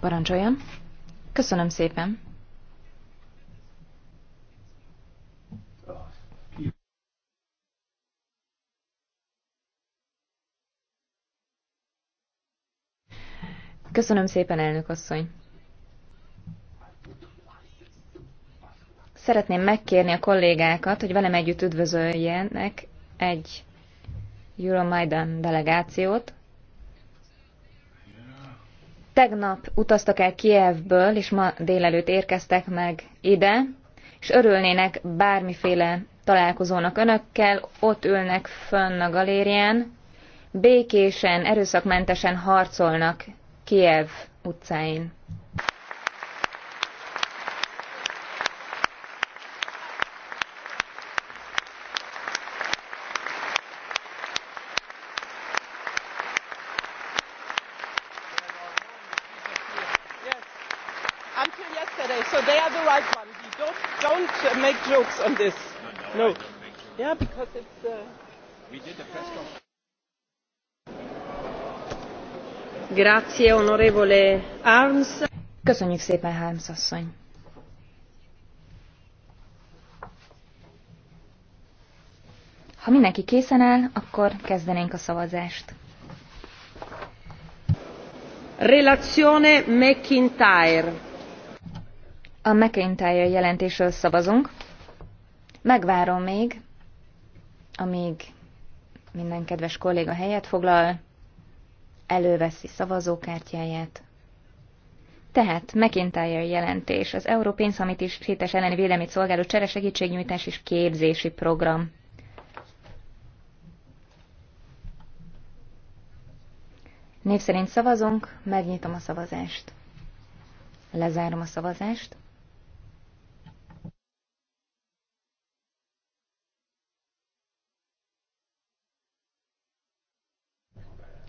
Parancsoljon. Köszönöm szépen. Köszönöm szépen, elnök asszony. Szeretném megkérni a kollégákat, hogy velem együtt üdvözöljenek egy Euromaidan delegációt. Tegnap utaztak el Kievből, és ma délelőtt érkeztek meg ide, és örülnének bármiféle találkozónak önökkel, ott ülnek fönn a galérián, békésen, erőszakmentesen harcolnak Kiev utcáin. on this. No. no, no. Yeah, because it's. Uh, we did the press conference. Grazie, onorevole Arms. Köszönjük szépen, Harms asszony. Ha mindenki készen áll, akkor kezdenénk a szavazást. Relazione McIntyre. A McIntyre jelentésről szavazunk. Megvárom még, amíg minden kedves kolléga helyet foglal, előveszi szavazókártyáját. Tehát McIntyre jelentés, az is hétes elleni vélemét szolgáló csere segítségnyújtás és képzési program. Név szerint szavazunk, megnyitom a szavazást. Lezárom a szavazást.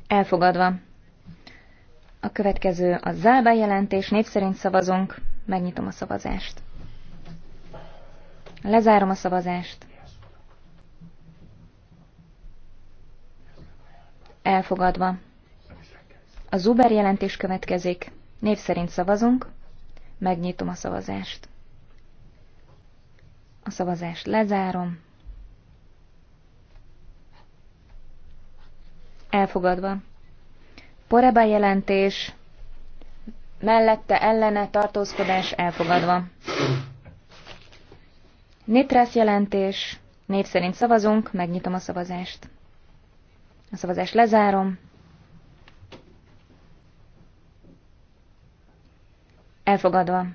Elfogadva. A következő a Zálba jelentés, név szerint szavazunk, megnyitom a szavazást. Lezárom a szavazást. Elfogadva. A Zuber jelentés következik, név szerint szavazunk, megnyitom a szavazást. A szavazást lezárom. Elfogadva. Poreba jelentés, mellette ellene tartózkodás elfogadva. Nitrász jelentés, név szerint szavazunk, megnyitom a szavazást. A szavazást lezárom. Elfogadva.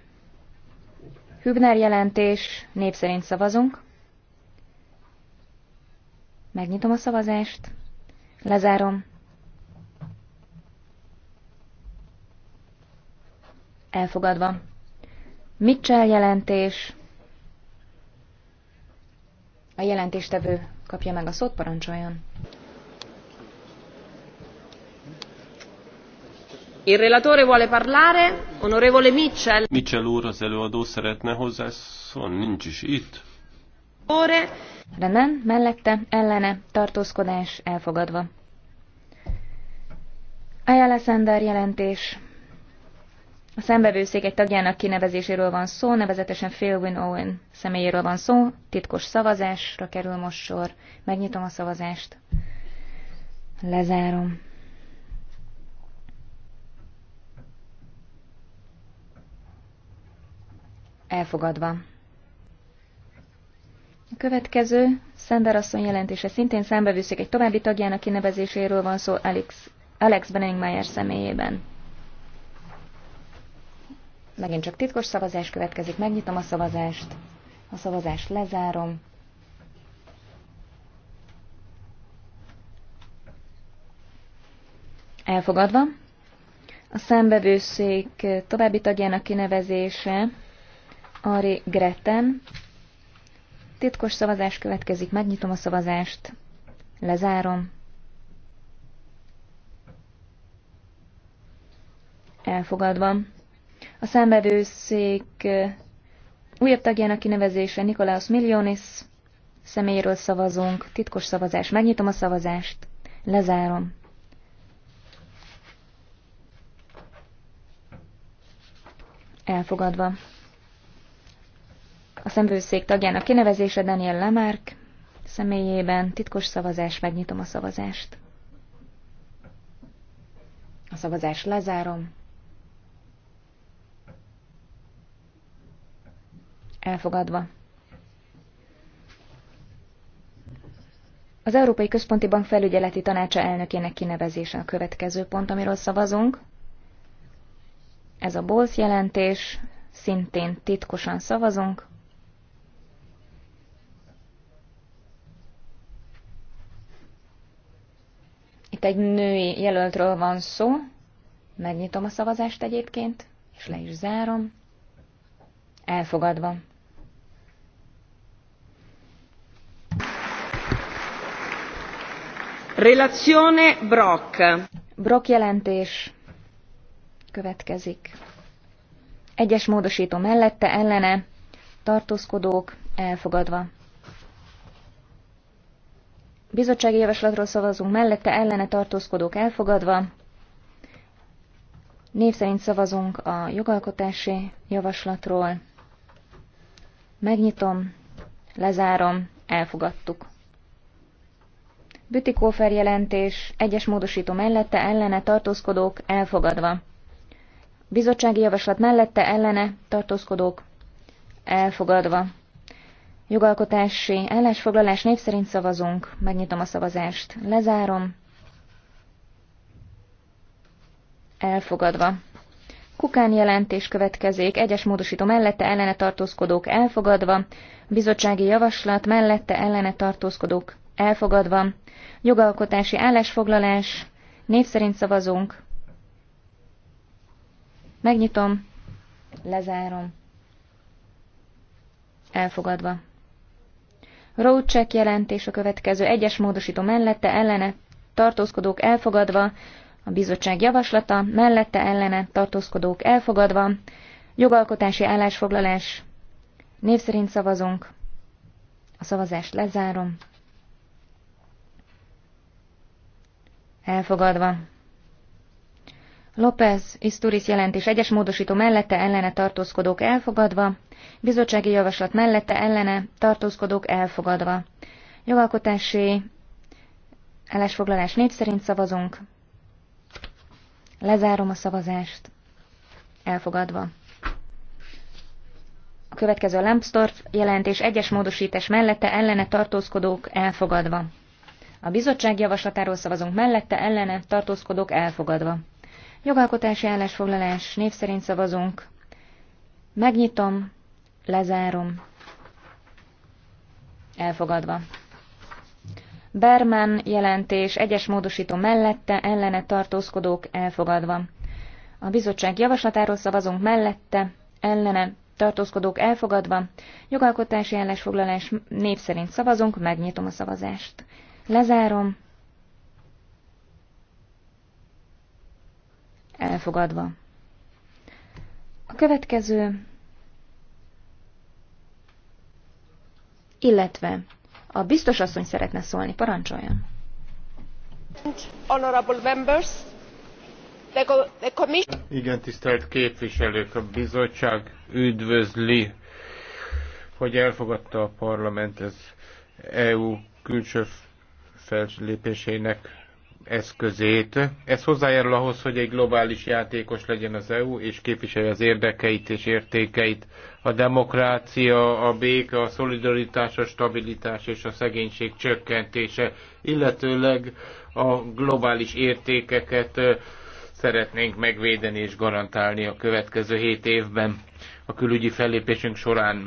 Hübner jelentés, név szerint szavazunk. Megnyitom a szavazást. Lezárom. Elfogadva. Mitchell jelentés. A jelentéstevő kapja meg a szót, parancsoljon. Il relatore vuole parlare, onorevole Mitchell. Mitchell úr, az előadó szeretne hozzászólni, nincs is itt. Ore. Rendben, mellette, ellene, tartózkodás, elfogadva. Ayala Sandar jelentés. A szembevőszék egy tagjának kinevezéséről van szó, nevezetesen Philwin Owen személyéről van szó. Titkos szavazásra kerül most sor. Megnyitom a szavazást. Lezárom. Elfogadva. A következő Szender jelentése szintén számbevőszik egy további tagjának kinevezéséről van szó Alex, Alex Benningmeyer személyében. Megint csak titkos szavazás következik, megnyitom a szavazást, a szavazást lezárom. Elfogadva. A szembevőszék további tagjának kinevezése Ari Gretten, Titkos szavazás következik, megnyitom a szavazást, lezárom. Elfogadva. A számbevőszék újabb tagjának kinevezése Nikolaus Millionis. Személyről szavazunk. Titkos szavazás. Megnyitom a szavazást. Lezárom. Elfogadva a szemvőszék tagjának kinevezése Daniel Lamarck személyében titkos szavazás, megnyitom a szavazást. A szavazást lezárom. Elfogadva. Az Európai Központi Bank felügyeleti tanácsa elnökének kinevezése a következő pont, amiről szavazunk. Ez a Bolsz jelentés, szintén titkosan szavazunk. Itt egy női jelöltről van szó. Megnyitom a szavazást egyébként, és le is zárom. Elfogadva. Relazione Brock. Brock jelentés következik. Egyes módosító mellette ellene tartózkodók elfogadva. Bizottsági javaslatról szavazunk mellette, ellene tartózkodók elfogadva. Név szerint szavazunk a jogalkotási javaslatról. Megnyitom, lezárom, elfogadtuk. Bütikófer jelentés, egyes módosító mellette, ellene tartózkodók elfogadva. Bizottsági javaslat mellette, ellene tartózkodók elfogadva jogalkotási állásfoglalás név szerint szavazunk. Megnyitom a szavazást. Lezárom. Elfogadva. Kukán jelentés következik, egyes módosító mellette ellene tartózkodók elfogadva, bizottsági javaslat mellette ellene tartózkodók elfogadva, jogalkotási állásfoglalás, név szerint szavazunk. Megnyitom, lezárom. Elfogadva. Roadcheck jelentés a következő egyes módosító mellette ellene tartózkodók elfogadva, a bizottság javaslata mellette ellene tartózkodók elfogadva, jogalkotási állásfoglalás, név szerint szavazunk, a szavazást lezárom, elfogadva. López, Isturiz jelentés egyes módosító mellette ellene tartózkodók elfogadva, bizottsági javaslat mellette ellene tartózkodók elfogadva. Jogalkotási állásfoglalás négy szerint szavazunk. Lezárom a szavazást. Elfogadva. A következő a Lambsdorff jelentés egyes módosítás mellette ellene tartózkodók elfogadva. A bizottság javaslatáról szavazunk mellette ellene tartózkodók elfogadva. Jogalkotási állásfoglalás, név szerint szavazunk. Megnyitom, lezárom. Elfogadva. Berman jelentés egyes módosító mellette ellene tartózkodók elfogadva. A bizottság javaslatáról szavazunk mellette, ellene tartózkodók elfogadva, jogalkotási állásfoglalás név szerint szavazunk, megnyitom a szavazást. Lezárom. Elfogadva. A következő, illetve a biztos asszony szeretne szólni, parancsoljon. Honorable members, igen, tisztelt képviselők, a bizottság üdvözli, hogy elfogadta a parlament az EU külső fellépésének eszközét. Ez hozzájárul ahhoz, hogy egy globális játékos legyen az EU, és képviselje az érdekeit és értékeit. A demokrácia, a béke, a szolidaritás, a stabilitás és a szegénység csökkentése, illetőleg a globális értékeket szeretnénk megvédeni és garantálni a következő hét évben a külügyi fellépésünk során.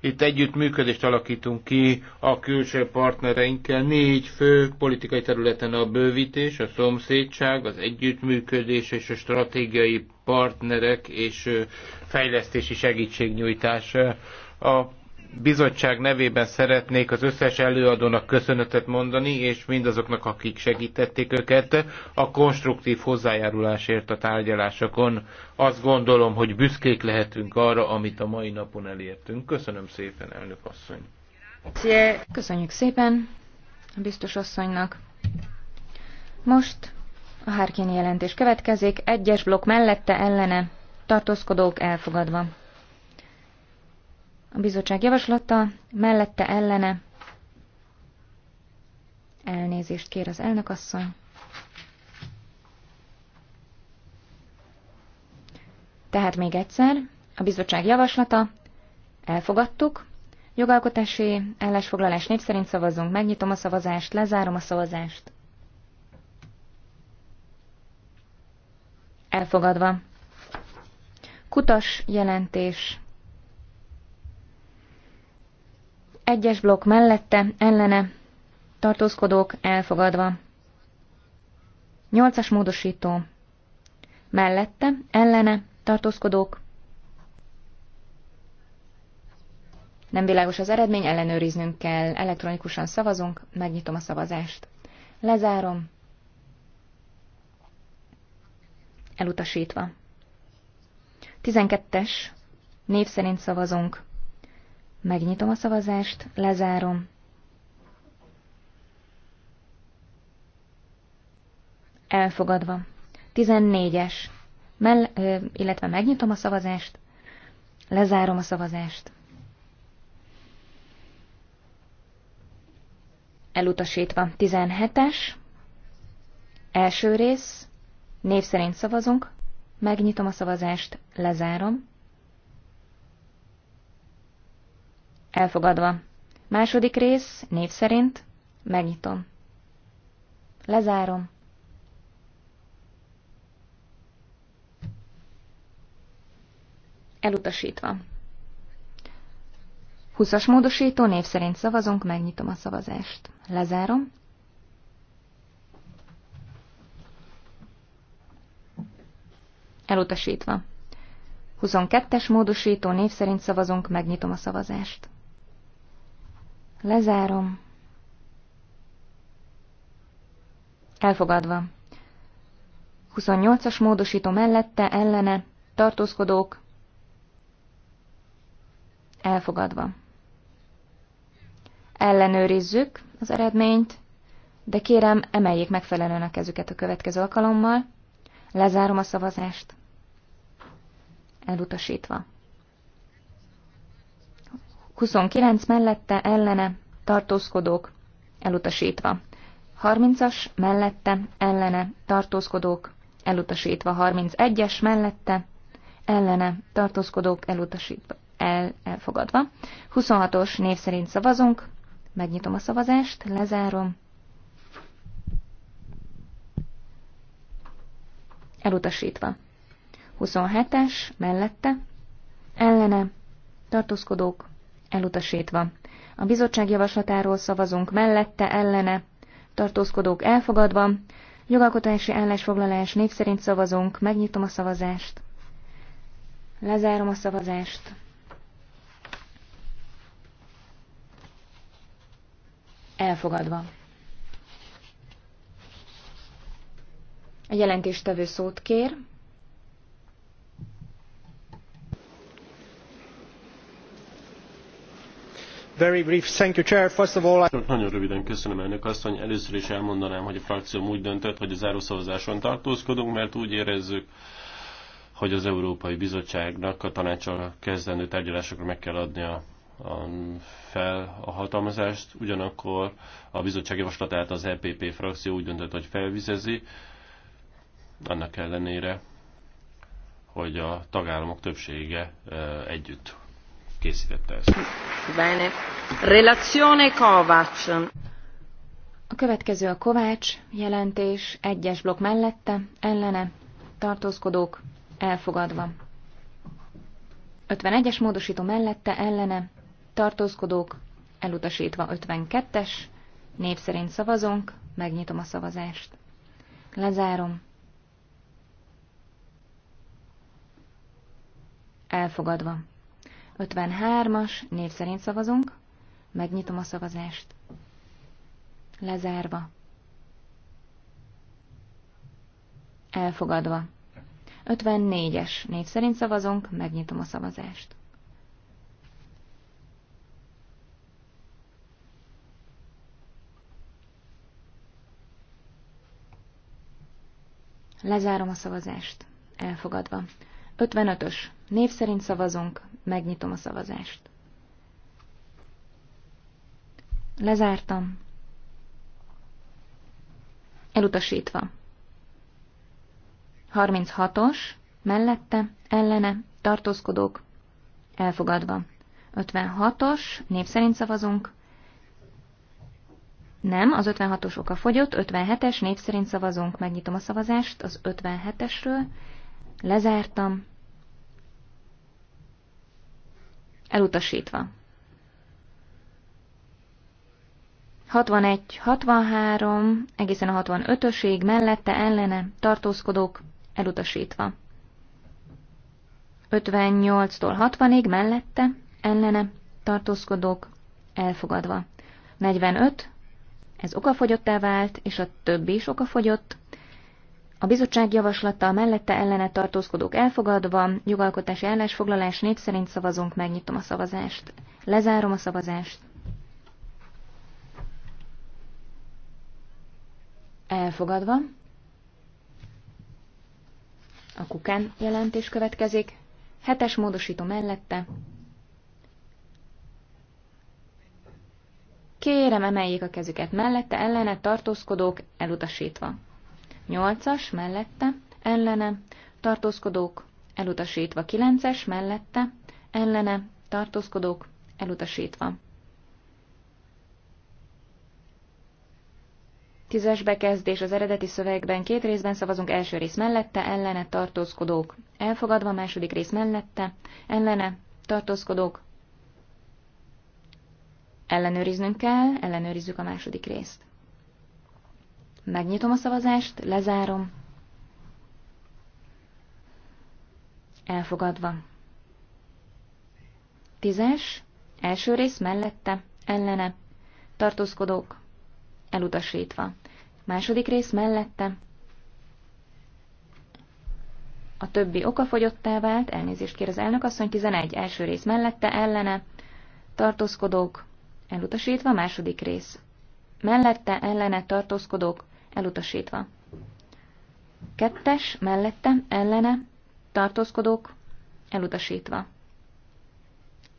Itt együttműködést alakítunk ki a külső partnereinkkel négy fő politikai területen a bővítés, a szomszédság, az együttműködés és a stratégiai partnerek és fejlesztési segítségnyújtás. A bizottság nevében szeretnék az összes előadónak köszönetet mondani, és mindazoknak, akik segítették őket a konstruktív hozzájárulásért a tárgyalásokon. Azt gondolom, hogy büszkék lehetünk arra, amit a mai napon elértünk. Köszönöm szépen, elnök asszony. Köszönjük szépen a biztos asszonynak. Most a Harkin jelentés következik, egyes blokk mellette ellene, tartózkodók elfogadva a bizottság javaslata, mellette ellene elnézést kér az elnökasszony. Tehát még egyszer, a bizottság javaslata, elfogadtuk, jogalkotási állásfoglalás név szerint szavazunk, megnyitom a szavazást, lezárom a szavazást. Elfogadva. Kutas jelentés Egyes blokk mellette, ellene, tartózkodók elfogadva. Nyolcas módosító. Mellette, ellene, tartózkodók. Nem világos az eredmény, ellenőriznünk kell. Elektronikusan szavazunk, megnyitom a szavazást. Lezárom. Elutasítva. 12-es. Név szerint szavazunk. Megnyitom a szavazást, lezárom. Elfogadva. 14-es. Mell, ö, illetve megnyitom a szavazást, lezárom a szavazást. Elutasítva. 17-es. Első rész. Név szerint szavazunk. Megnyitom a szavazást, lezárom. Elfogadva. Második rész, név szerint. Megnyitom. Lezárom. Elutasítva. Huszas módosító név szerint szavazunk, megnyitom a szavazást. Lezárom. Elutasítva. 22-es módosító név szerint szavazunk, megnyitom a szavazást. Lezárom. Elfogadva. 28-as módosító mellette, ellene, tartózkodók. Elfogadva. Ellenőrizzük az eredményt, de kérem, emeljék megfelelően a kezüket a következő alkalommal. Lezárom a szavazást. Elutasítva. 29 mellette ellene tartózkodók elutasítva. 30-as mellette ellene tartózkodók elutasítva. 31-es mellette ellene tartózkodók elutasítva. El, elfogadva. 26-os név szerint szavazunk. Megnyitom a szavazást, lezárom. Elutasítva. 27-es mellette ellene tartózkodók elutasítva. A bizottság javaslatáról szavazunk mellette, ellene, tartózkodók elfogadva, jogalkotási állásfoglalás név szerint szavazunk, megnyitom a szavazást, lezárom a szavazást. Elfogadva. A jelentéstevő szót kér. Nagyon röviden köszönöm elnök asszony. Először is elmondanám, hogy a frakció úgy döntött, hogy a zárószavazáson tartózkodunk, mert úgy érezzük, hogy az Európai Bizottságnak a tanácsal kezdendő tárgyalásokra meg kell adnia a fel a hatalmazást, ugyanakkor a bizottság javaslatát az EPP frakció úgy döntött, hogy felvizezi, annak ellenére, hogy a tagállamok többsége együtt készítette ezt. Bene. Relazione Kovács. A következő a Kovács jelentés, egyes blokk mellette, ellene, tartózkodók, elfogadva. 51-es módosító mellette, ellene, tartózkodók, elutasítva 52-es, név szerint szavazunk, megnyitom a szavazást. Lezárom. Elfogadva. 53-as, név szerint szavazunk. Megnyitom a szavazást. Lezárva. Elfogadva. 54-es, név szerint szavazunk. Megnyitom a szavazást. Lezárom a szavazást. Elfogadva. 55-ös. Név szerint szavazunk, megnyitom a szavazást. Lezártam. Elutasítva. 36-os, mellette, ellene, tartózkodók, elfogadva. 56-os, név szerint szavazunk. Nem, az 56-os oka fogyott, 57-es, név szerint szavazunk, megnyitom a szavazást az 57-esről. Lezártam. Elutasítva. 61-63, egészen a 65-ösig, mellette ellene tartózkodók elutasítva. 58-tól 60-ig mellette ellene tartózkodók elfogadva. 45, ez okafogyottá vált, és a többi is okafogyott, a bizottság javaslata mellette ellene tartózkodók elfogadva, jogalkotási állásfoglalás név szerint szavazunk, megnyitom a szavazást. Lezárom a szavazást. Elfogadva. A kukán jelentés következik. Hetes módosító mellette. Kérem, emeljék a kezüket mellette, ellene tartózkodók elutasítva. 8-as mellette, ellene, tartózkodók, elutasítva 9-es mellette, ellene, tartózkodók, elutasítva. Tízes bekezdés az eredeti szövegben két részben szavazunk első rész mellette, ellene tartózkodók. Elfogadva második rész mellette, ellene tartózkodók. Ellenőriznünk kell, ellenőrizzük a második részt. Megnyitom a szavazást, lezárom. Elfogadva. Tízes, első rész mellette, ellene, tartózkodók, elutasítva. Második rész mellette, a többi okafogyottá vált, elnézést kér az elnök asszony, 11 első rész mellette, ellene, tartózkodók, elutasítva, második rész. Mellette, ellene, tartózkodók, elutasítva. Kettes, mellette, ellene, tartózkodók, elutasítva.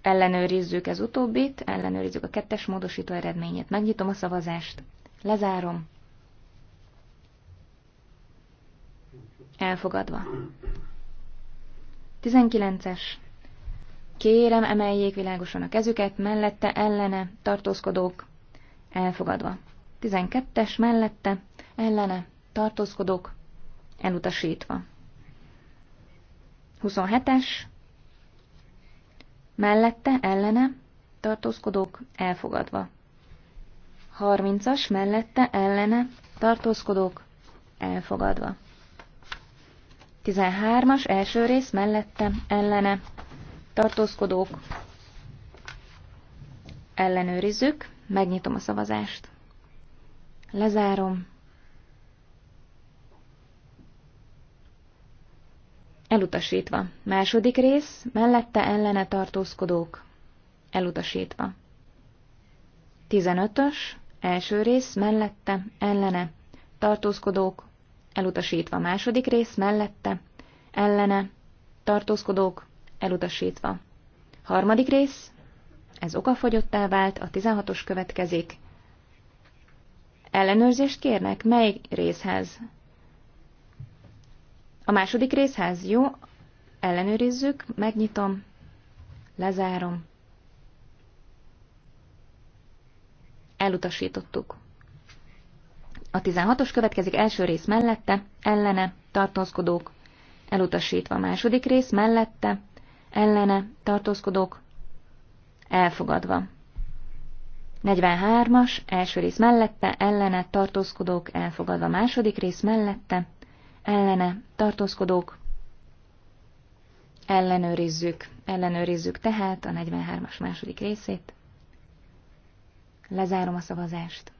Ellenőrizzük ez utóbbit, ellenőrizzük a kettes módosító eredményét. Megnyitom a szavazást. Lezárom. Elfogadva. 19-es. Kérem, emeljék világosan a kezüket, mellette, ellene, tartózkodók, elfogadva. 12-es mellette, ellene, tartózkodok, elutasítva. 27-es, mellette, ellene, tartózkodok, elfogadva. 30-as, mellette, ellene, tartózkodok, elfogadva. 13-as, első rész, mellette, ellene, tartózkodók, ellenőrizzük, megnyitom a szavazást. Lezárom. Elutasítva. Második rész, mellette ellene tartózkodók. Elutasítva. 15-ös, első rész, mellette, ellene, tartózkodók, elutasítva. Második rész, mellette, ellene, tartózkodók, elutasítva. Harmadik rész, ez okafogyottá vált, a 16-os következik. Ellenőrzést kérnek, mely részhez? A második részhez jó, ellenőrizzük, megnyitom, lezárom. Elutasítottuk. A 16-os következik első rész mellette, ellene, tartózkodók, elutasítva a második rész mellette, ellene, tartózkodók, elfogadva. 43-as, első rész mellette, ellene, tartózkodók, elfogadva második rész mellette, ellene tartózkodók, ellenőrizzük, ellenőrizzük tehát a 43-as második részét. Lezárom a szavazást.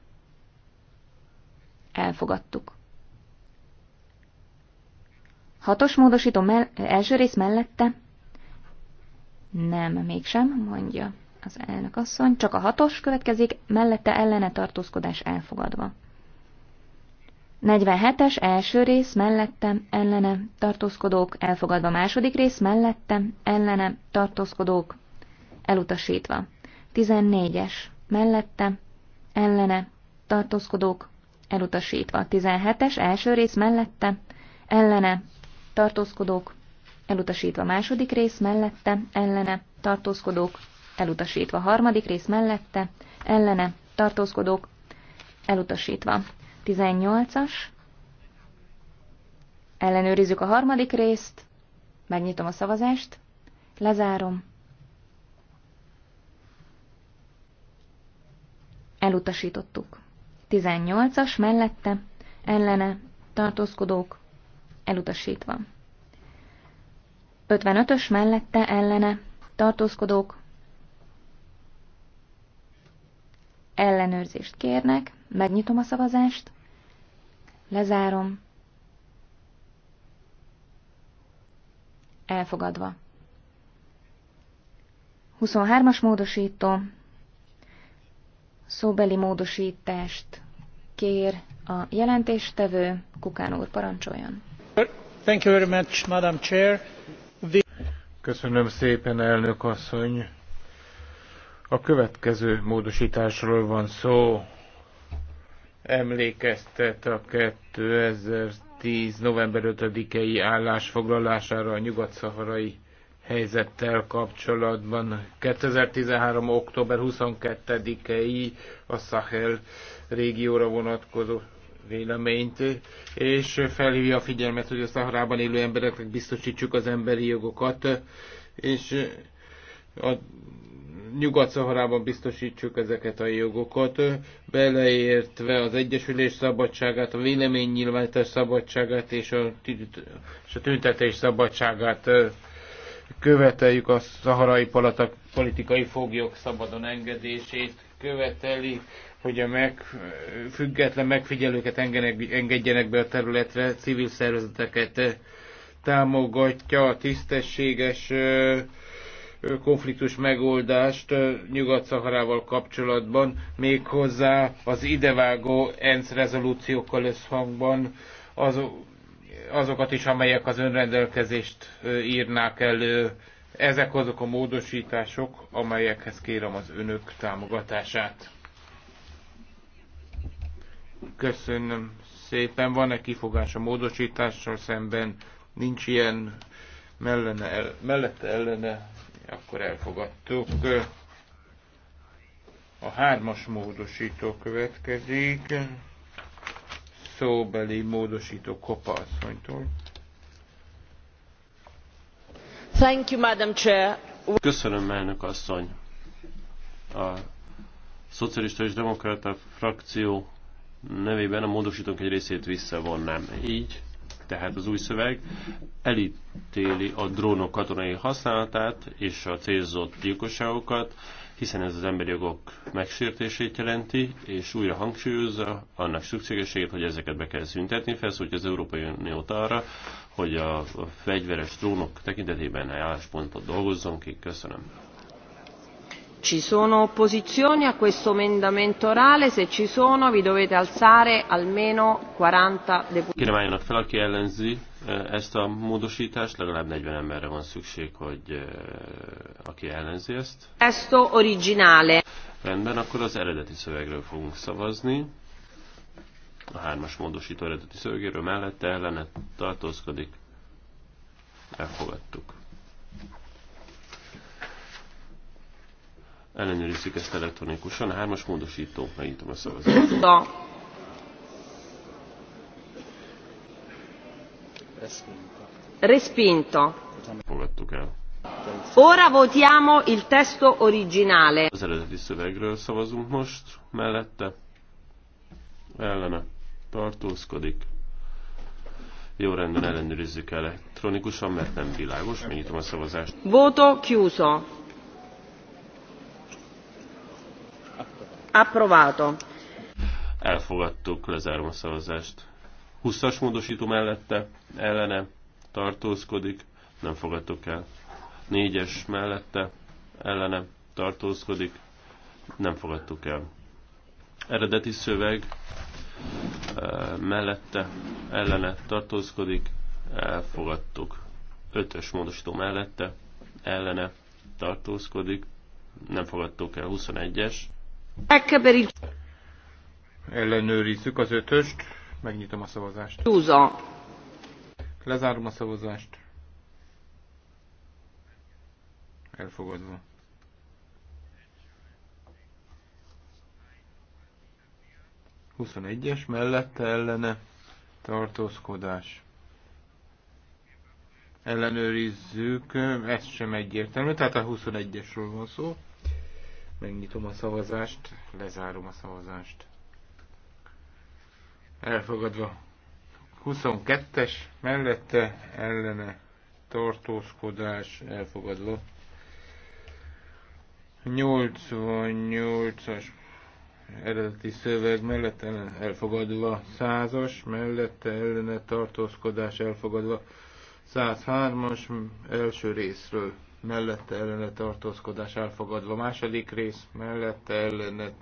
Elfogadtuk. Hatos módosító mell- első rész mellette? Nem, mégsem, mondja az elnök asszony. Csak a hatos következik, mellette ellene tartózkodás elfogadva. 47-es első rész mellettem ellene tartózkodók, elfogadva második rész mellettem ellene tartózkodók, elutasítva. 14-es mellette, ellene tartózkodók, elutasítva. 17-es első rész mellette, ellene tartózkodók, elutasítva második rész mellette, ellene, tartózkodók, elutasítva harmadik rész mellette, ellene, tartózkodók, elutasítva. 18-as. Ellenőrizzük a harmadik részt. Megnyitom a szavazást. Lezárom. Elutasítottuk. 18-as mellette, ellene, tartózkodók, elutasítva. 55-ös mellette, ellene, tartózkodók, ellenőrzést kérnek, megnyitom a szavazást, Lezárom. Elfogadva. 23-as módosító. Szóbeli módosítást kér a jelentéstevő. Kukán úr, parancsoljon. Thank you very much, Madam Chair. The... Köszönöm szépen, elnök asszony. A következő módosításról van szó emlékeztet a 2010. november 5-i állásfoglalására a nyugat-szaharai helyzettel kapcsolatban. 2013. október 22-i a Sahel régióra vonatkozó véleményt, és felhívja a figyelmet, hogy a Szaharában élő embereknek biztosítsuk az emberi jogokat, és a Nyugat-Szaharában biztosítsuk ezeket a jogokat, beleértve az egyesülés szabadságát, a véleménynyilvánítás szabadságát és a, és a tüntetés szabadságát követeljük a szaharai palatak politikai foglyok szabadon engedését, követeli, hogy a meg, független megfigyelőket engedjenek, engedjenek be a területre, civil szervezeteket támogatja, a tisztességes konfliktus megoldást Nyugat-Szaharával kapcsolatban, méghozzá az idevágó ENSZ rezolúciókkal összhangban az, azokat is, amelyek az önrendelkezést írnák elő. Ezek azok a módosítások, amelyekhez kérem az önök támogatását. Köszönöm szépen. Van-e kifogás a módosítással szemben? Nincs ilyen mellene, el, mellette ellene akkor elfogadtuk. A hármas módosító következik. Szóbeli módosító Kopa asszonytól. Thank you, Madam Chair. Köszönöm, elnök asszony. A Szocialista és Demokrata frakció nevében a módosítónk egy részét visszavonnám. Így tehát az új szöveg elítéli a drónok katonai használatát és a célzott gyilkosságokat, hiszen ez az emberi jogok megsértését jelenti, és újra hangsúlyozza annak szükségességét, hogy ezeket be kell szüntetni, felszólítja az Európai Uniót arra, hogy a fegyveres drónok tekintetében álláspontot dolgozzon ki. Köszönöm. Ci sono opposizioni a questo emendamento orale? Se ci sono vi dovete alzare almeno 40 deputati. Kérem álljanak fel, aki ellenzi eh, ezt a módosítást, legalább 40 emberre van szükség, hogy eh, aki ellenzi ezt. Testo originale. Rendben, akkor az eredeti szövegről fogunk szavazni. A hármas módosító eredeti szövegéről mellette ellenet tartózkodik. Elfogadtuk. Ellenőrizzük ezt elektronikusan. Hármas módosító. Megnyitom a szavazást. Respinto. Fogadtuk el. Ora votiamo il testo originale. Az eredeti szövegről szavazunk most, mellette, ellene, tartózkodik. Jó rendben ellenőrizzük elektronikusan, mert nem világos. Megnyitom a szavazást. Voto chiuso. Approvato. Elfogadtuk, lezárom a szavazást. 20-as módosító mellette, ellene, tartózkodik, nem fogadtuk el. 4-es mellette, ellene, tartózkodik, nem fogadtuk el. Eredeti szöveg eh, mellette, ellene, tartózkodik, elfogadtuk. 5-ös módosító mellette, ellene, tartózkodik, nem fogadtuk el. 21-es Ellenőrizzük az ötöst, megnyitom a szavazást. Túza. Lezárom a szavazást. Elfogadva. Huszonegyes mellette ellene tartózkodás ellenőrizzük, ez sem egyértelmű, tehát a 21-esről van szó. Megnyitom a szavazást, lezárom a szavazást. Elfogadva. 22-es mellette ellene tartózkodás elfogadva. 88-as eredeti szöveg mellett ellen elfogadva, 100-as mellette ellene tartózkodás elfogadva, 103-as első részről mellette ellene tartózkodás elfogadva, második rész mellette ellene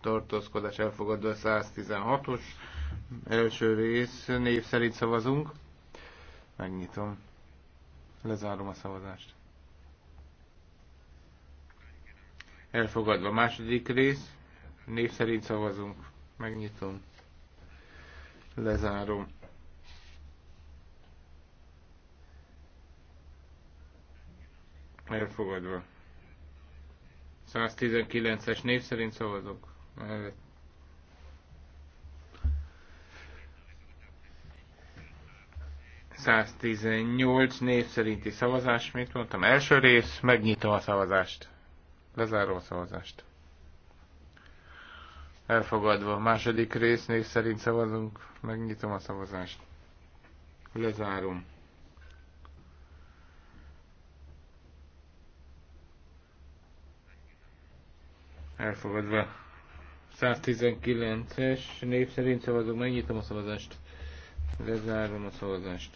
tartózkodás elfogadva 116-os. Első rész név szerint szavazunk. Megnyitom. Lezárom a szavazást. Elfogadva második rész. Név szerint szavazunk. Megnyitom. Lezárom. elfogadva. 119-es név szerint szavazok. Mellett. ...118 név szerinti szavazás, mit mondtam? Első rész, megnyitom a szavazást. Lezárom a szavazást. Elfogadva. Második rész, név szerint szavazunk. Megnyitom a szavazást. Lezárom. elfogadva. 119-es név szerint szavazok, megnyitom a szavazást, lezárom a szavazást.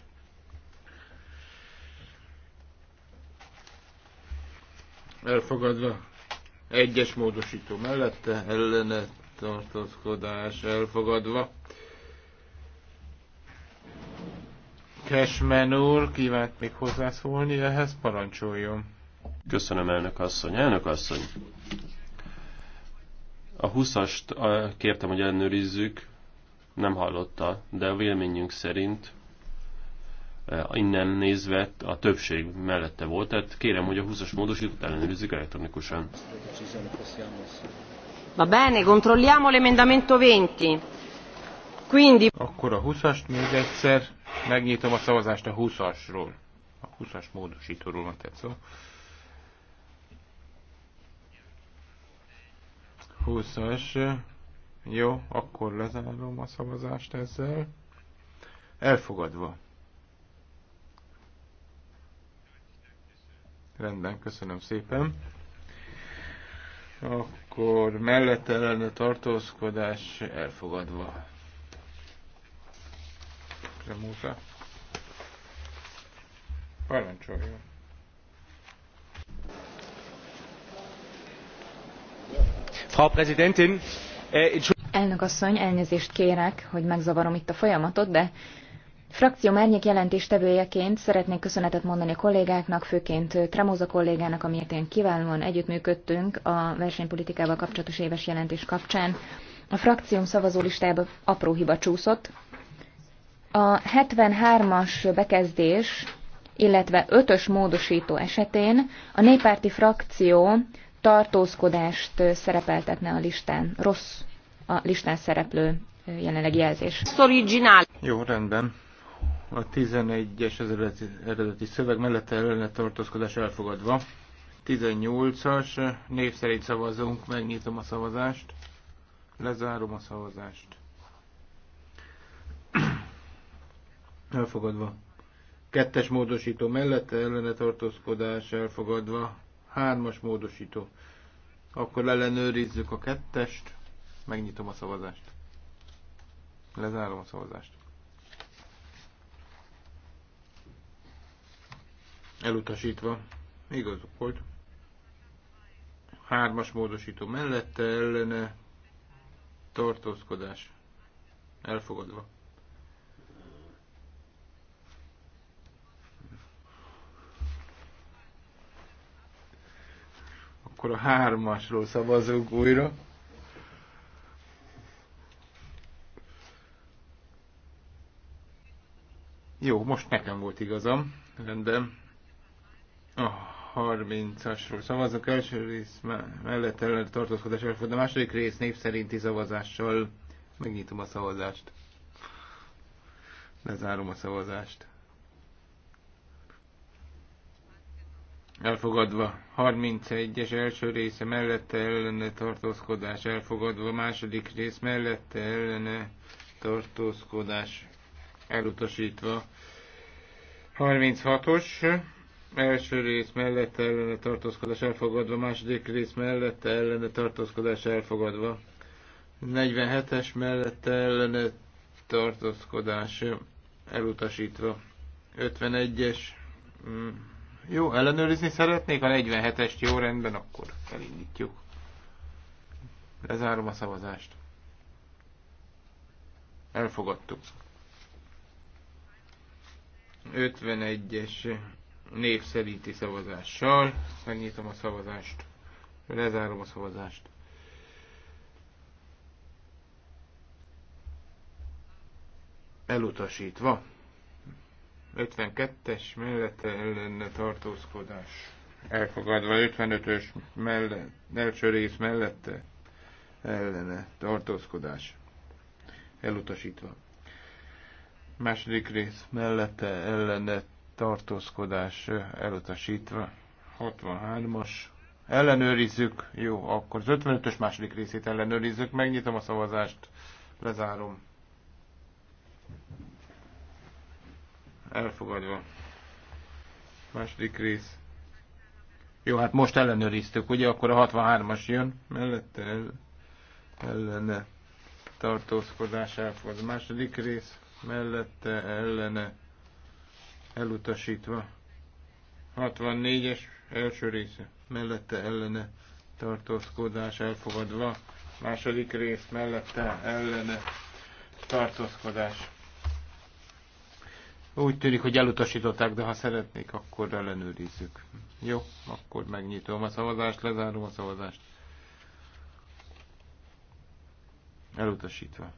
Elfogadva. Egyes módosító mellette, ellene tartózkodás elfogadva. Cashman úr kívánt még hozzászólni, ehhez parancsoljon. Köszönöm, elnök asszony. Elnök asszony, a 20-ast kértem, hogy ellenőrizzük, nem hallotta, de a véleményünk szerint e, innen nézve a többség mellette volt, tehát kérem, hogy a 20-as módosítót ellenőrizzük elektronikusan. Va bene, controlliamo l'emendamento 20. Quindi... Akkor a 20-ast még egyszer megnyitom a szavazást a 20-asról. A 20-as módosítóról van tehát szó. Szóval. 20-as. Jó, akkor lezárom a szavazást ezzel. Elfogadva. Rendben, köszönöm szépen. Akkor mellette lenne tartózkodás elfogadva. Remúzsa. Parancsoljon. Äh, Elnök asszony, elnézést kérek, hogy megzavarom itt a folyamatot, de frakció árnyék jelentéstevőjeként szeretnék köszönetet mondani a kollégáknak, főként Tremoza kollégának, amiért ilyen kiválóan együttműködtünk a versenypolitikával kapcsolatos éves jelentés kapcsán. A frakcióm szavazólistájába apró hiba csúszott. A 73-as bekezdés, illetve 5-ös módosító esetén a néppárti frakció tartózkodást szerepeltetne a listán. Rossz a listán szereplő jelenleg jelzés. Originál. Jó, rendben. A 11-es az eredeti, eredeti szöveg mellett ellene tartózkodás elfogadva. 18-as, név szerint szavazunk, megnyitom a szavazást, lezárom a szavazást. Elfogadva. Kettes módosító mellett ellene tartózkodás elfogadva. Hármas módosító. Akkor ellenőrizzük a kettest. Megnyitom a szavazást. Lezárom a szavazást. Elutasítva. Igazuk volt. Hármas módosító mellette ellene tartózkodás. Elfogadva. akkor a hármasról szavazunk újra. Jó, most nekem volt igazam. Rendben. A 30-asról szavazok. Első rész mellett ellen tartózkodás elfogad. A második rész név szerinti szavazással megnyitom a szavazást. Lezárom a szavazást. elfogadva 31-es első része mellette ellene tartózkodás, elfogadva második rész mellette ellene tartózkodás, elutasítva 36-os első rész mellette ellene tartózkodás elfogadva, második rész mellette ellene tartózkodás elfogadva, 47-es mellette ellene tartózkodás elutasítva, 51-es jó, ellenőrizni szeretnék a 47-est, jó rendben, akkor elindítjuk. Lezárom a szavazást. Elfogadtuk. 51-es név szerinti szavazással. Megnyitom a szavazást. Lezárom a szavazást. Elutasítva. 52-es mellette ellenne tartózkodás elfogadva, 55-ös mellett, első rész mellette ellene tartózkodás elutasítva. Második rész mellette ellene tartózkodás elutasítva. 63-as. Ellenőrizzük. Jó, akkor az 55-ös második részét ellenőrizzük. Megnyitom a szavazást, lezárom. elfogadva. Második rész. Jó, hát most ellenőriztük, ugye? Akkor a 63-as jön, mellette el, ellene tartózkodás elfogadva. Második rész, mellette ellene elutasítva. 64-es első része, mellette ellene tartózkodás elfogadva. Második rész, mellette ellene tartózkodás úgy tűnik, hogy elutasították, de ha szeretnék, akkor ellenőrizzük. Jó, akkor megnyitom a szavazást, lezárom a szavazást. Elutasítva.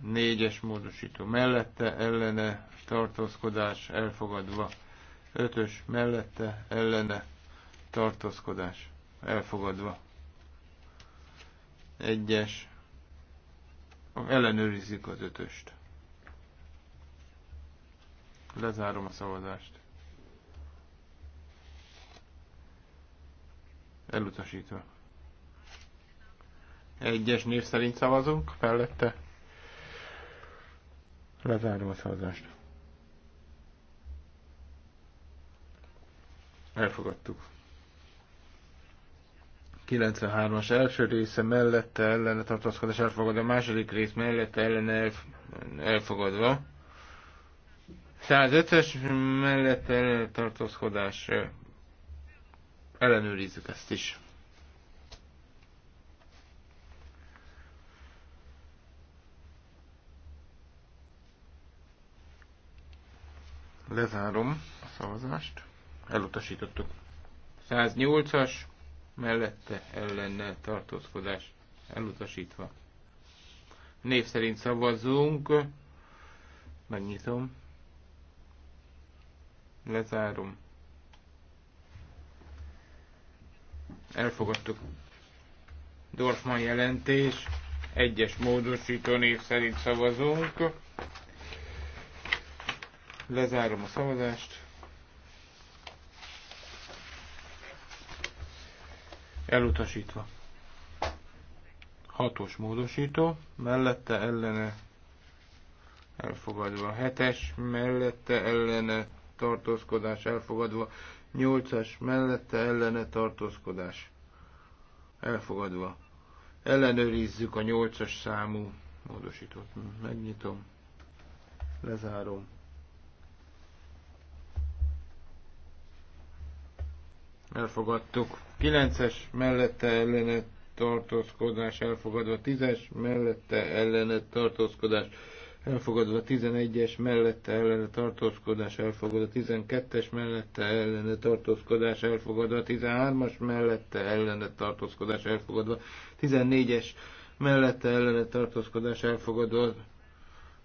Négyes módosító mellette, ellene, tartózkodás elfogadva. Ötös mellette, ellene, tartózkodás elfogadva. Egyes. Ellenőrizzük az ötöst. Lezárom a szavazást. Elutasítva. Egyes név szerint szavazunk, mellette. Lezárom a szavazást. Elfogadtuk. 93-as első része mellette ellene tartózkodás elfogadva, a második rész mellette ellene elf, elfogadva. 105-ös mellett tartózkodás ellenőrizzük ezt is. Lezárom a szavazást. Elutasítottuk. 108-as mellette ellenne tartózkodás elutasítva. Név szerint szavazzunk. Megnyitom. Lezárom. Elfogadtuk. Dorfman jelentés. Egyes módosító név szerint szavazunk. Lezárom a szavazást. Elutasítva. Hatos módosító, mellette ellene elfogadva. Hetes mellette ellene tartózkodás elfogadva, 8-as mellette ellene tartózkodás elfogadva. Ellenőrizzük a 8-as számú módosítót. Megnyitom, lezárom. Elfogadtuk. 9-es mellette ellene tartózkodás elfogadva, 10-es mellette ellene tartózkodás elfogadva elfogadva 11-es mellette ellene tartózkodás, elfogadva 12-es mellette ellene tartózkodás, elfogadva 13-as mellette ellene tartózkodás, elfogadva 14-es mellette ellene tartózkodás, elfogadva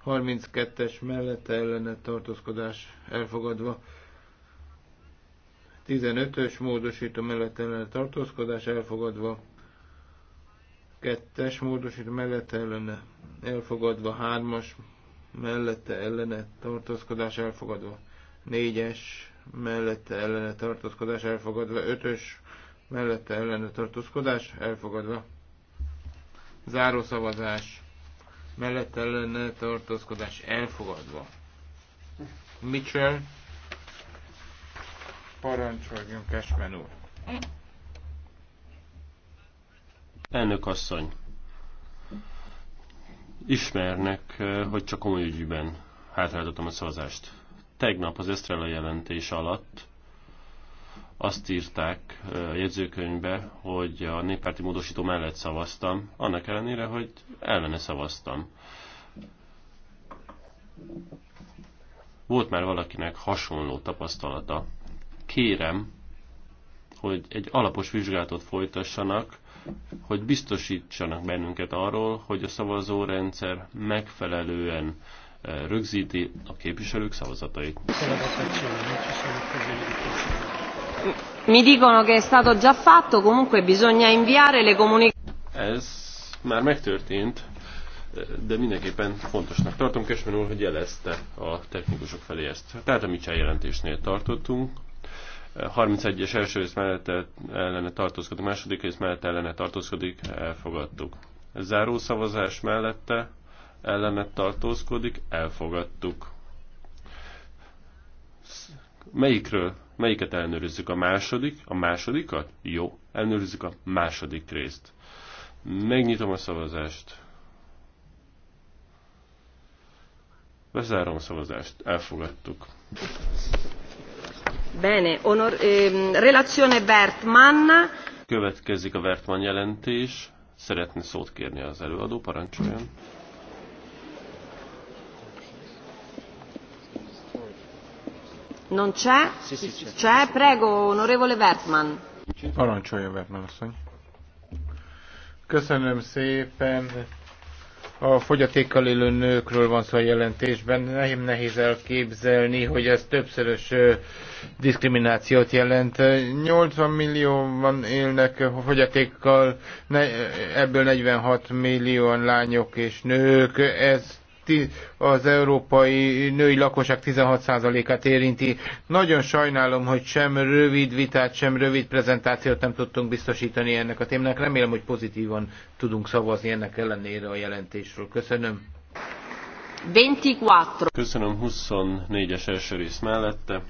32-es mellette ellene tartózkodás, elfogadva 15-ös módosító mellett ellen tartózkodás, elfogadva kettes módosító mellette ellene elfogadva, hármas mellette ellene tartózkodás elfogadva, négyes mellette ellene tartózkodás elfogadva, ötös mellette ellene tartózkodás elfogadva. zárószavazás mellette ellene tartózkodás elfogadva. Mitchell, parancsoljon Cashman úr. Elnök asszony, ismernek, eh, hogy csak komoly ügyben hátráltatom a szavazást. Tegnap az Estrella jelentés alatt azt írták eh, a jegyzőkönyvbe, hogy a néppárti módosító mellett szavaztam, annak ellenére, hogy ellene szavaztam. Volt már valakinek hasonló tapasztalata. Kérem, hogy egy alapos vizsgálatot folytassanak, hogy biztosítsanak bennünket arról, hogy a szavazórendszer megfelelően eh, rögzíti a képviselők szavazatait. Mi dicono che è stato già fatto, comunque bisogna inviare le Ez már megtörtént, eh, de mindenképpen fontosnak tartom. Kesmen úr, hogy jelezte a technikusok felé ezt. Tehát a Micsá jelentésnél tartottunk, 31-es első rész mellett ellene tartózkodik, második rész mellett ellene tartózkodik, elfogadtuk. Záró szavazás mellette ellene tartózkodik, elfogadtuk. Melyikről? Melyiket ellenőrizzük? A második? A másodikat? Jó, ellenőrizzük a második részt. Megnyitom a szavazást. Bezárom a szavazást. Elfogadtuk. Bene, ehm, relazione Bertmann. Következik a Bertmann jelentés. Szeretné szót kérni az előadó, parancsoljon. Non c'è? C'è, prego, onorevole Bertmann. Parancsoljon, Bertmann asszony. Köszönöm szépen a fogyatékkal élő nőkről van szó a jelentésben. Nem nehéz elképzelni, hogy ez többszörös diszkriminációt jelent. 80 millióan élnek fogyatékkal, ebből 46 millióan lányok és nők. Ez az európai női lakosság 16%-át érinti. Nagyon sajnálom, hogy sem rövid vitát, sem rövid prezentációt nem tudtunk biztosítani ennek a témnek. Remélem, hogy pozitívan tudunk szavazni ennek ellenére a jelentésről. Köszönöm. 24. Köszönöm 24-es első rész mellette.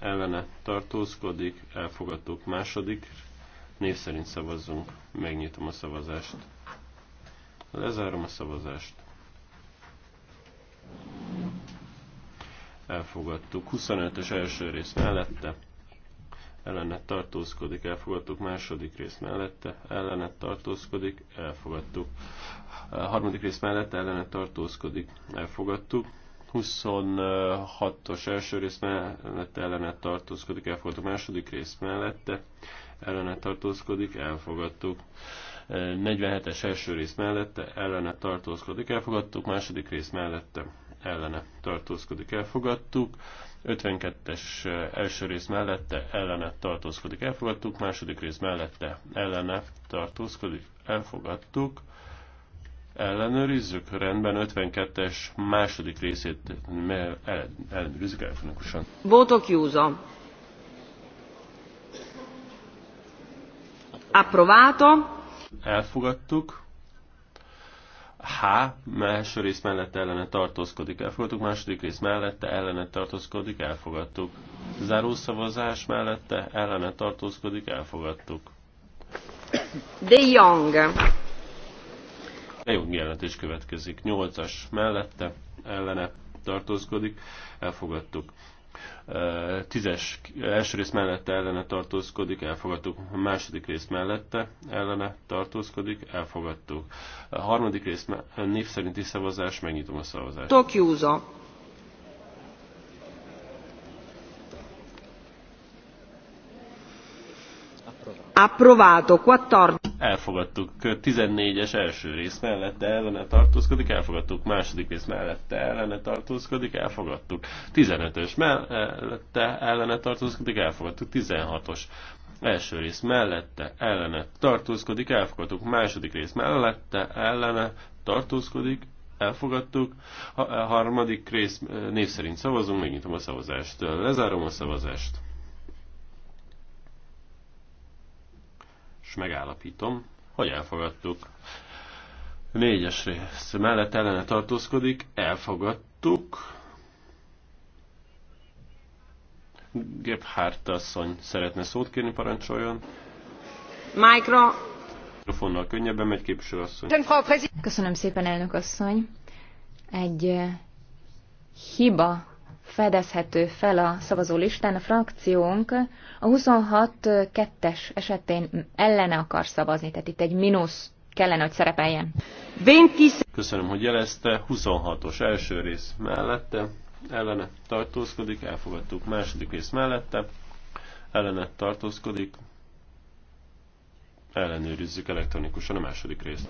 Ellene tartózkodik, elfogadtuk második. Név szerint szavazzunk. Megnyitom a szavazást. Lezárom a szavazást. elfogadtuk. 25-ös első rész mellette, ellenet tartózkodik, elfogadtuk. Második rész mellette, ellenet tartózkodik, elfogadtuk. A harmadik rész mellette, ellenet tartózkodik, elfogadtuk. 26-os első rész mellette ellenet tartózkodik, elfogadtuk. Második rész mellette ellenet tartózkodik, elfogadtuk. 47-es első rész mellette ellenet tartózkodik, elfogadtuk. Második rész mellette ellene tartózkodik, elfogadtuk. 52-es eh, első rész mellette ellene tartózkodik, elfogadtuk. Második rész mellette ellene tartózkodik, elfogadtuk. Ellenőrizzük, rendben 52-es második részét ellenőrizzük elektronikusan. Votok Júza. Approvato. Elfogadtuk. H első rész mellette ellene tartózkodik, elfogadtuk, második rész mellette ellene tartózkodik, elfogadtuk. Zárószavazás mellette ellene tartózkodik, elfogadtuk. De Jong. De Jong jelentés következik. nyolcas mellette ellene tartózkodik, elfogadtuk. Tízes első rész mellette ellene tartózkodik, elfogadtuk. A második rész mellette ellene tartózkodik, elfogadtuk. A harmadik rész név szerinti szavazás, megnyitom a szavazást. Tokjúza. approvato 14. Elfogadtuk 14-es első rész mellette ellene tartózkodik, elfogadtuk második rész mellette ellene tartózkodik, elfogadtuk 15-ös mellette ellene tartózkodik, elfogadtuk 16-os első rész mellette ellene tartózkodik, elfogadtuk második rész mellette ellene tartózkodik, elfogadtuk. A harmadik rész név szerint szavazunk, megnyitom a szavazást, lezárom a szavazást. és megállapítom, hogy elfogadtuk. Négyes rész mellett ellene tartózkodik, elfogadtuk. Gebhardt asszony szeretne szót kérni, parancsoljon. Mikro. Mikrofonnal könnyebben megy képviselő asszony. Köszönöm szépen, elnök asszony. Egy eh, hiba fedezhető fel a szavazólistán, a frakciónk a 26-2-es esetén ellene akar szavazni, tehát itt egy mínusz kellene, hogy szerepeljen. Köszönöm, hogy jelezte. 26-os első rész mellette, ellene tartózkodik, elfogadtuk második rész mellette, ellene tartózkodik, ellenőrizzük elektronikusan a második részt.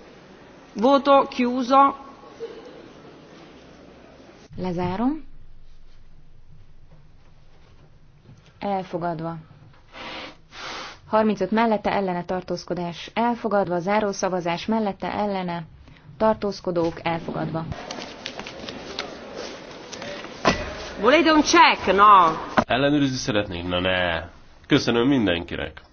Voto chiuso. Lezárom. elfogadva. 35 mellette ellene tartózkodás elfogadva, zárószavazás mellette ellene tartózkodók elfogadva. Volé don't na? Ellenőrizni szeretnék? Na ne. Köszönöm mindenkinek.